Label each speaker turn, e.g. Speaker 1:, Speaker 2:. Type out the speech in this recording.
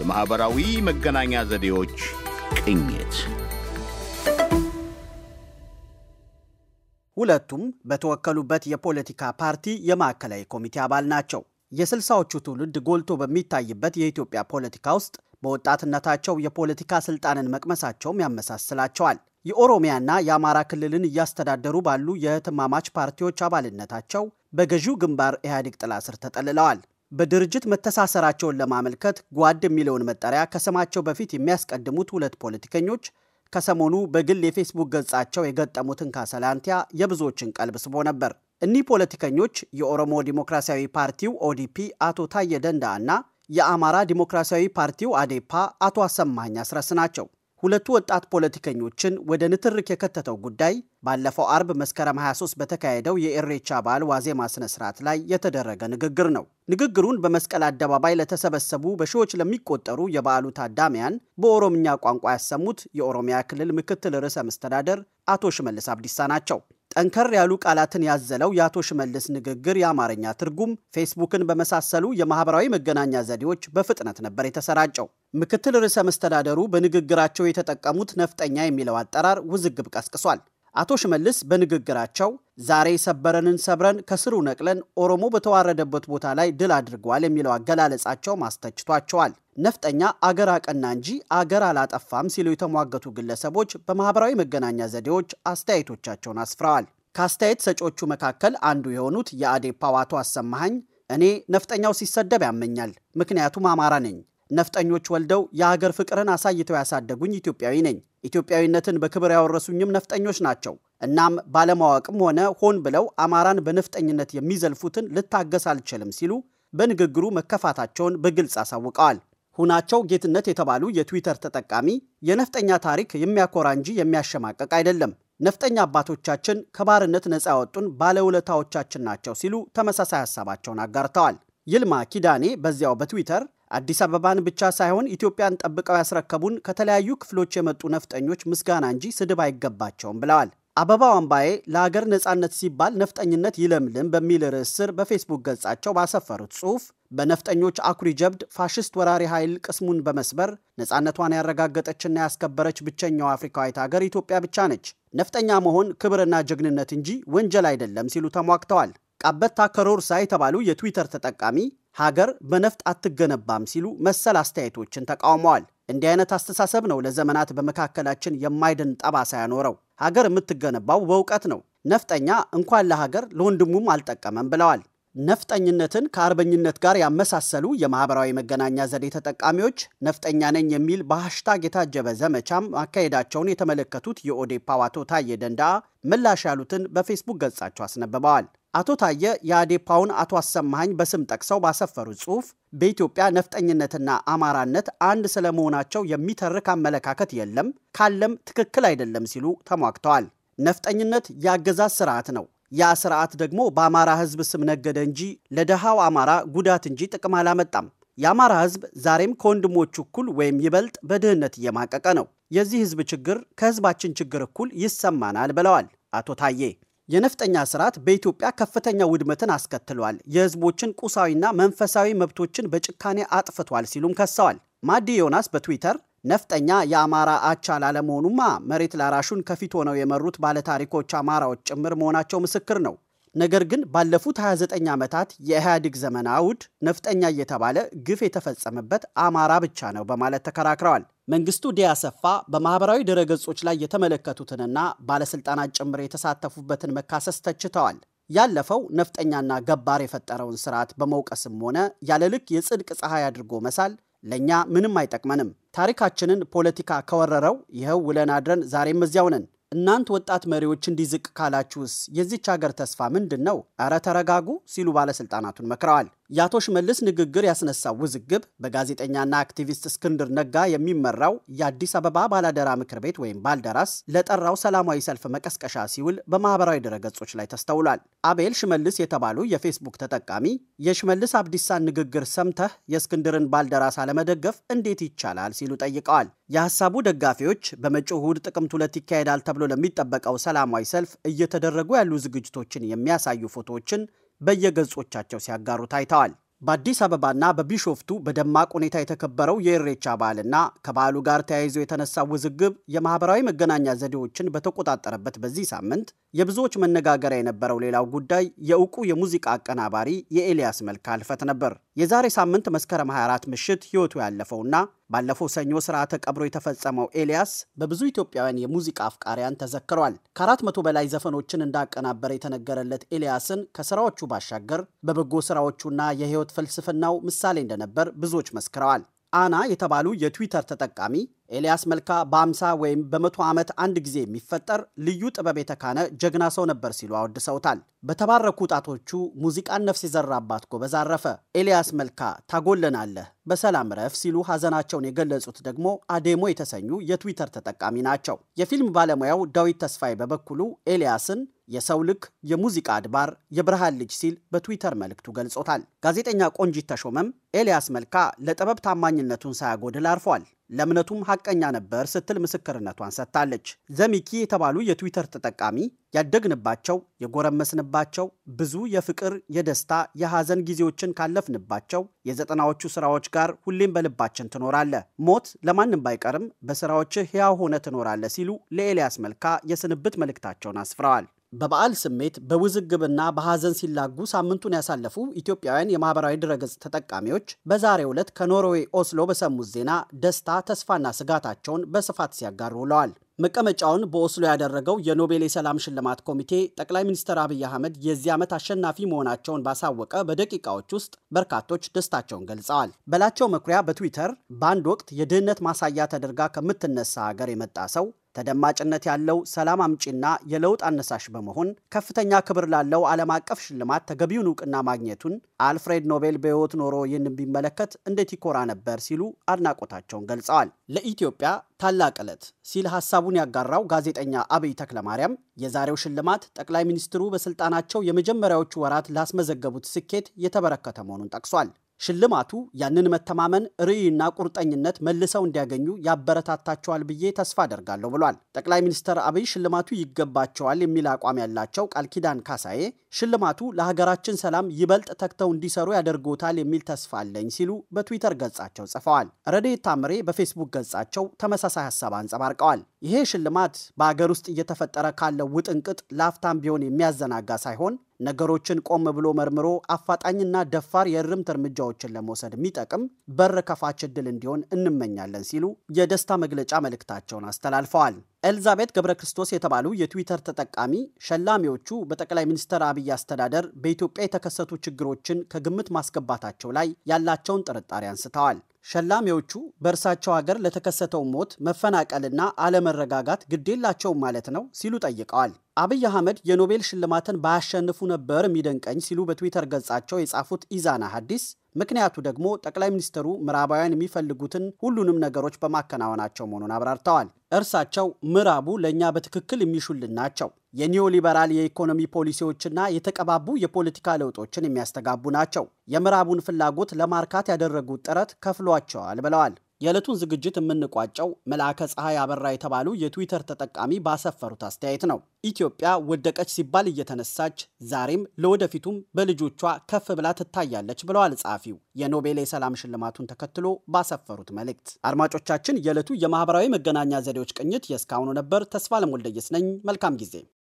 Speaker 1: የማኅበራዊ መገናኛ ዘዴዎች ቅኝት። ሁለቱም በተወከሉበት የፖለቲካ ፓርቲ የማዕከላዊ ኮሚቴ አባል ናቸው። የስልሳዎቹ ትውልድ ጎልቶ በሚታይበት የኢትዮጵያ ፖለቲካ ውስጥ በወጣትነታቸው የፖለቲካ ስልጣንን መቅመሳቸውም ያመሳስላቸዋል። የኦሮሚያና የአማራ ክልልን እያስተዳደሩ ባሉ የህትማማች ፓርቲዎች አባልነታቸው በገዢው ግንባር ኢህአዴግ ጥላ ስር ተጠልለዋል። በድርጅት መተሳሰራቸውን ለማመልከት ጓድ የሚለውን መጠሪያ ከስማቸው በፊት የሚያስቀድሙት ሁለት ፖለቲከኞች ከሰሞኑ በግል የፌስቡክ ገጻቸው የገጠሙትን ካሰላንቲያ የብዙዎችን ቀልብ ስቦ ነበር። እኒህ ፖለቲከኞች የኦሮሞ ዲሞክራሲያዊ ፓርቲው ኦዲፒ አቶ ታዬ ደንዳ እና የአማራ ዲሞክራሲያዊ ፓርቲው አዴፓ አቶ አሰማኝ አስረስ ናቸው። ሁለቱ ወጣት ፖለቲከኞችን ወደ ንትርክ የከተተው ጉዳይ ባለፈው አርብ መስከረም 23 በተካሄደው የኢሬቻ በዓል ዋዜማ ስነ ስርዓት ላይ የተደረገ ንግግር ነው። ንግግሩን በመስቀል አደባባይ ለተሰበሰቡ በሺዎች ለሚቆጠሩ የበዓሉ ታዳሚያን በኦሮምኛ ቋንቋ ያሰሙት የኦሮሚያ ክልል ምክትል ርዕሰ መስተዳደር አቶ ሽመልስ አብዲሳ ናቸው። ጠንከር ያሉ ቃላትን ያዘለው የአቶ ሽመልስ ንግግር የአማርኛ ትርጉም ፌስቡክን በመሳሰሉ የማህበራዊ መገናኛ ዘዴዎች በፍጥነት ነበር የተሰራጨው። ምክትል ርዕሰ መስተዳደሩ በንግግራቸው የተጠቀሙት ነፍጠኛ የሚለው አጠራር ውዝግብ ቀስቅሷል። አቶ ሽመልስ በንግግራቸው ዛሬ ሰበረንን ሰብረን ከስሩ ነቅለን ኦሮሞ በተዋረደበት ቦታ ላይ ድል አድርጓል የሚለው አገላለጻቸው ማስተችቷቸዋል። ነፍጠኛ አገር አቀና እንጂ አገር አላጠፋም ሲሉ የተሟገቱ ግለሰቦች በማህበራዊ መገናኛ ዘዴዎች አስተያየቶቻቸውን አስፍረዋል። ከአስተያየት ሰጪዎቹ መካከል አንዱ የሆኑት የአዴፓው አቶ አሰማሀኝ እኔ ነፍጠኛው ሲሰደብ ያመኛል፣ ምክንያቱም አማራ ነኝ ነፍጠኞች ወልደው የሀገር ፍቅርን አሳይተው ያሳደጉኝ ኢትዮጵያዊ ነኝ። ኢትዮጵያዊነትን በክብር ያወረሱኝም ነፍጠኞች ናቸው። እናም ባለማወቅም ሆነ ሆን ብለው አማራን በነፍጠኝነት የሚዘልፉትን ልታገስ አልችልም ሲሉ በንግግሩ መከፋታቸውን በግልጽ አሳውቀዋል። ሁናቸው ጌትነት የተባሉ የትዊተር ተጠቃሚ የነፍጠኛ ታሪክ የሚያኮራ እንጂ የሚያሸማቀቅ አይደለም፣ ነፍጠኛ አባቶቻችን ከባርነት ነፃ ያወጡን ባለውለታዎቻችን ናቸው ሲሉ ተመሳሳይ ሀሳባቸውን አጋርተዋል። ይልማ ኪዳኔ በዚያው በትዊተር አዲስ አበባን ብቻ ሳይሆን ኢትዮጵያን ጠብቀው ያስረከቡን ከተለያዩ ክፍሎች የመጡ ነፍጠኞች ምስጋና እንጂ ስድብ አይገባቸውም ብለዋል። አበባው አምባዬ ለአገር ነጻነት ሲባል ነፍጠኝነት ይለምልም በሚል ርዕስ ስር በፌስቡክ ገጻቸው ባሰፈሩት ጽሑፍ በነፍጠኞች አኩሪ ጀብድ ፋሽስት ወራሪ ኃይል ቅስሙን በመስበር ነጻነቷን ያረጋገጠችና ያስከበረች ብቸኛው አፍሪካዊት አገር ኢትዮጵያ ብቻ ነች። ነፍጠኛ መሆን ክብርና ጀግንነት እንጂ ወንጀል አይደለም ሲሉ ተሟግተዋል። ቃበታ ከሮርሳ የተባሉ የትዊተር ተጠቃሚ ሀገር በነፍጥ አትገነባም ሲሉ መሰል አስተያየቶችን ተቃውመዋል። እንዲህ አይነት አስተሳሰብ ነው ለዘመናት በመካከላችን የማይድን ጠባሳ ያኖረው። ሀገር የምትገነባው በእውቀት ነው። ነፍጠኛ እንኳን ለሀገር ለወንድሙም አልጠቀመም ብለዋል። ነፍጠኝነትን ከአርበኝነት ጋር ያመሳሰሉ የማህበራዊ መገናኛ ዘዴ ተጠቃሚዎች ነፍጠኛ ነኝ የሚል በሀሽታግ የታጀበ ዘመቻም ማካሄዳቸውን የተመለከቱት የኦዴፓ አቶ ታዬ ደንደአ ምላሽ ያሉትን በፌስቡክ ገጻቸው አስነብበዋል። አቶ ታየ የአዴፓውን አቶ አሰማኸኝ በስም ጠቅሰው ባሰፈሩት ጽሑፍ በኢትዮጵያ ነፍጠኝነትና አማራነት አንድ ስለመሆናቸው የሚተርክ አመለካከት የለም፣ ካለም ትክክል አይደለም ሲሉ ተሟግተዋል። ነፍጠኝነት የአገዛዝ ስርዓት ነው። ያ ስርዓት ደግሞ በአማራ ሕዝብ ስም ነገደ እንጂ ለደሃው አማራ ጉዳት እንጂ ጥቅም አላመጣም። የአማራ ሕዝብ ዛሬም ከወንድሞቹ እኩል ወይም ይበልጥ በድህነት እየማቀቀ ነው። የዚህ ሕዝብ ችግር ከሕዝባችን ችግር እኩል ይሰማናል ብለዋል አቶ ታዬ። የነፍጠኛ ስርዓት በኢትዮጵያ ከፍተኛ ውድመትን አስከትሏል፣ የህዝቦችን ቁሳዊና መንፈሳዊ መብቶችን በጭካኔ አጥፍቷል ሲሉም ከሰዋል። ማዲ ዮናስ በትዊተር ነፍጠኛ የአማራ አቻ ላለመሆኑማ መሬት ላራሹን ከፊት ሆነው የመሩት ባለታሪኮች አማራዎች ጭምር መሆናቸው ምስክር ነው። ነገር ግን ባለፉት 29 ዓመታት የኢህአዴግ ዘመን አውድ ነፍጠኛ እየተባለ ግፍ የተፈጸመበት አማራ ብቻ ነው በማለት ተከራክረዋል። መንግስቱ ዲያሰፋ በማህበራዊ ድረገጾች ላይ የተመለከቱትንና ባለስልጣናት ጭምር የተሳተፉበትን መካሰስ ተችተዋል። ያለፈው ነፍጠኛና ገባር የፈጠረውን ስርዓት በመውቀስም ሆነ ያለልክ የጽድቅ ፀሐይ አድርጎ መሳል ለእኛ ምንም አይጠቅመንም። ታሪካችንን ፖለቲካ ከወረረው ይኸው ውለን አድረን ዛሬም እዚያው ነን። እናንት ወጣት መሪዎች እንዲዝቅ ካላችሁስ የዚች ሀገር ተስፋ ምንድን ነው? እረ ተረጋጉ ሲሉ ባለስልጣናቱን መክረዋል። የአቶ ሽመልስ ንግግር ያስነሳው ውዝግብ በጋዜጠኛና አክቲቪስት እስክንድር ነጋ የሚመራው የአዲስ አበባ ባላደራ ምክር ቤት ወይም ባልደራስ ለጠራው ሰላማዊ ሰልፍ መቀስቀሻ ሲውል በማህበራዊ ድረገጾች ላይ ተስተውሏል። አቤል ሽመልስ የተባሉ የፌስቡክ ተጠቃሚ የሽመልስ አብዲሳን ንግግር ሰምተህ የእስክንድርን ባልደራስ አለመደገፍ እንዴት ይቻላል ሲሉ ጠይቀዋል። የሐሳቡ ደጋፊዎች በመጪው እሁድ ጥቅምት ሁለት ይካሄዳል ተብሎ ለሚጠበቀው ሰላማዊ ሰልፍ እየተደረጉ ያሉ ዝግጅቶችን የሚያሳዩ ፎቶዎችን በየገጾቻቸው ሲያጋሩ ታይተዋል። በአዲስ አበባና በቢሾፍቱ በደማቅ ሁኔታ የተከበረው የኢሬቻ በዓልና ከበዓሉ ጋር ተያይዞ የተነሳው ውዝግብ የማህበራዊ መገናኛ ዘዴዎችን በተቆጣጠረበት በዚህ ሳምንት የብዙዎች መነጋገሪያ የነበረው ሌላው ጉዳይ የእውቁ የሙዚቃ አቀናባሪ የኤልያስ መልካ ህልፈት ነበር። የዛሬ ሳምንት መስከረም 24 ምሽት ህይወቱ ያለፈውና ባለፈው ሰኞ ስርዓተ ቀብሮ የተፈጸመው ኤልያስ በብዙ ኢትዮጵያውያን የሙዚቃ አፍቃሪያን ተዘክሯል። ከአራት መቶ በላይ ዘፈኖችን እንዳቀናበረ የተነገረለት ኤልያስን ከስራዎቹ ባሻገር በበጎ ስራዎቹና የህይወት ፍልስፍናው ምሳሌ እንደነበር ብዙዎች መስክረዋል። አና የተባሉ የትዊተር ተጠቃሚ ኤልያስ መልካ በአምሳ ወይም በመቶ ዓመት አንድ ጊዜ የሚፈጠር ልዩ ጥበብ የተካነ ጀግና ሰው ነበር ሲሉ አወድሰውታል። በተባረኩ ጣቶቹ ሙዚቃን ነፍስ የዘራባት ጎበዝ አረፈ። ኤልያስ መልካ ታጎለናለህ፣ በሰላም ረፍ ሲሉ ሐዘናቸውን የገለጹት ደግሞ አዴሞ የተሰኙ የትዊተር ተጠቃሚ ናቸው። የፊልም ባለሙያው ዳዊት ተስፋዬ በበኩሉ ኤልያስን የሰው ልክ የሙዚቃ አድባር የብርሃን ልጅ ሲል በትዊተር መልእክቱ ገልጾታል። ጋዜጠኛ ቆንጂት ተሾመም ኤልያስ መልካ ለጥበብ ታማኝነቱን ሳያጎድል አርፏል ለእምነቱም ሀቀኛ ነበር ስትል ምስክርነቷን ሰጥታለች። ዘሚኪ የተባሉ የትዊተር ተጠቃሚ ያደግንባቸው የጎረመስንባቸው ብዙ የፍቅር፣ የደስታ፣ የሐዘን ጊዜዎችን ካለፍንባቸው የዘጠናዎቹ ስራዎች ጋር ሁሌም በልባችን ትኖራለ፣ ሞት ለማንም ባይቀርም በስራዎችህ ሕያው ሆነ ትኖራለ ሲሉ ለኤልያስ መልካ የስንብት መልእክታቸውን አስፍረዋል። በበዓል ስሜት በውዝግብና በሐዘን ሲላጉ ሳምንቱን ያሳለፉ ኢትዮጵያውያን የማህበራዊ ድረገጽ ተጠቃሚዎች በዛሬው ዕለት ከኖርዌይ ኦስሎ በሰሙት ዜና ደስታ፣ ተስፋና ስጋታቸውን በስፋት ሲያጋሩ ውለዋል። መቀመጫውን በኦስሎ ያደረገው የኖቤል የሰላም ሽልማት ኮሚቴ ጠቅላይ ሚኒስትር አብይ አህመድ የዚህ ዓመት አሸናፊ መሆናቸውን ባሳወቀ በደቂቃዎች ውስጥ በርካቶች ደስታቸውን ገልጸዋል። በላቸው መኩሪያ በትዊተር በአንድ ወቅት የድህነት ማሳያ ተደርጋ ከምትነሳ ሀገር የመጣ ሰው ተደማጭነት ያለው ሰላም አምጪና የለውጥ አነሳሽ በመሆን ከፍተኛ ክብር ላለው ዓለም አቀፍ ሽልማት ተገቢውን እውቅና ማግኘቱን አልፍሬድ ኖቤል በሕይወት ኖሮ ይህንን ቢመለከት እንዴት ይኮራ ነበር ሲሉ አድናቆታቸውን ገልጸዋል። ለኢትዮጵያ ታላቅ ዕለት ሲል ሀሳቡን ያጋራው ጋዜጠኛ አብይ ተክለማርያም የዛሬው ሽልማት ጠቅላይ ሚኒስትሩ በስልጣናቸው የመጀመሪያዎቹ ወራት ላስመዘገቡት ስኬት የተበረከተ መሆኑን ጠቅሷል። ሽልማቱ ያንን መተማመን ርዕይና ቁርጠኝነት መልሰው እንዲያገኙ ያበረታታቸዋል ብዬ ተስፋ አደርጋለሁ ብሏል። ጠቅላይ ሚኒስትር አብይ ሽልማቱ ይገባቸዋል የሚል አቋም ያላቸው ቃል ኪዳን ካሳዬ ሽልማቱ ለሀገራችን ሰላም ይበልጥ ተግተው እንዲሰሩ ያደርጎታል የሚል ተስፋ አለኝ ሲሉ በትዊተር ገጻቸው ጽፈዋል። ረዴት ታምሬ በፌስቡክ ገጻቸው ተመሳሳይ ሀሳብ አንጸባርቀዋል። ይሄ ሽልማት በአገር ውስጥ እየተፈጠረ ካለው ውጥንቅጥ ላፍታም ቢሆን የሚያዘናጋ ሳይሆን ነገሮችን ቆም ብሎ መርምሮ አፋጣኝና ደፋር የእርምት እርምጃዎችን ለመውሰድ የሚጠቅም በር ከፋች እድል እንዲሆን እንመኛለን ሲሉ የደስታ መግለጫ መልእክታቸውን አስተላልፈዋል። ኤልዛቤት ገብረ ክርስቶስ የተባሉ የትዊተር ተጠቃሚ ሸላሚዎቹ በጠቅላይ ሚኒስትር አብይ አስተዳደር በኢትዮጵያ የተከሰቱ ችግሮችን ከግምት ማስገባታቸው ላይ ያላቸውን ጥርጣሬ አንስተዋል። ሸላሚዎቹ በእርሳቸው ሀገር ለተከሰተው ሞት መፈናቀልና አለመረጋጋት ግዴላቸውም ማለት ነው ሲሉ ጠይቀዋል። አብይ አህመድ የኖቤል ሽልማትን ባያሸንፉ ነበር የሚደንቀኝ ሲሉ በትዊተር ገጻቸው የጻፉት ኢዛና ሀዲስ ምክንያቱ ደግሞ ጠቅላይ ሚኒስትሩ ምዕራባውያን የሚፈልጉትን ሁሉንም ነገሮች በማከናወናቸው መሆኑን አብራርተዋል። እርሳቸው ምዕራቡ ለእኛ በትክክል የሚሹልን ናቸው። የኒዮሊበራል የኢኮኖሚ ፖሊሲዎችና የተቀባቡ የፖለቲካ ለውጦችን የሚያስተጋቡ ናቸው። የምዕራቡን ፍላጎት ለማርካት ያደረጉት ጥረት ከፍሏቸዋል ብለዋል። የዕለቱን ዝግጅት የምንቋጨው መልአከ ፀሐይ አበራ የተባሉ የትዊተር ተጠቃሚ ባሰፈሩት አስተያየት ነው። ኢትዮጵያ ወደቀች ሲባል እየተነሳች ዛሬም ለወደፊቱም በልጆቿ ከፍ ብላ ትታያለች ብለዋል ጸሐፊው የኖቤል የሰላም ሽልማቱን ተከትሎ ባሰፈሩት መልእክት። አድማጮቻችን፣ የዕለቱ የማህበራዊ መገናኛ ዘዴዎች ቅኝት የእስካሁኑ ነበር። ተስፋ ለሞልደየስ ነኝ። መልካም ጊዜ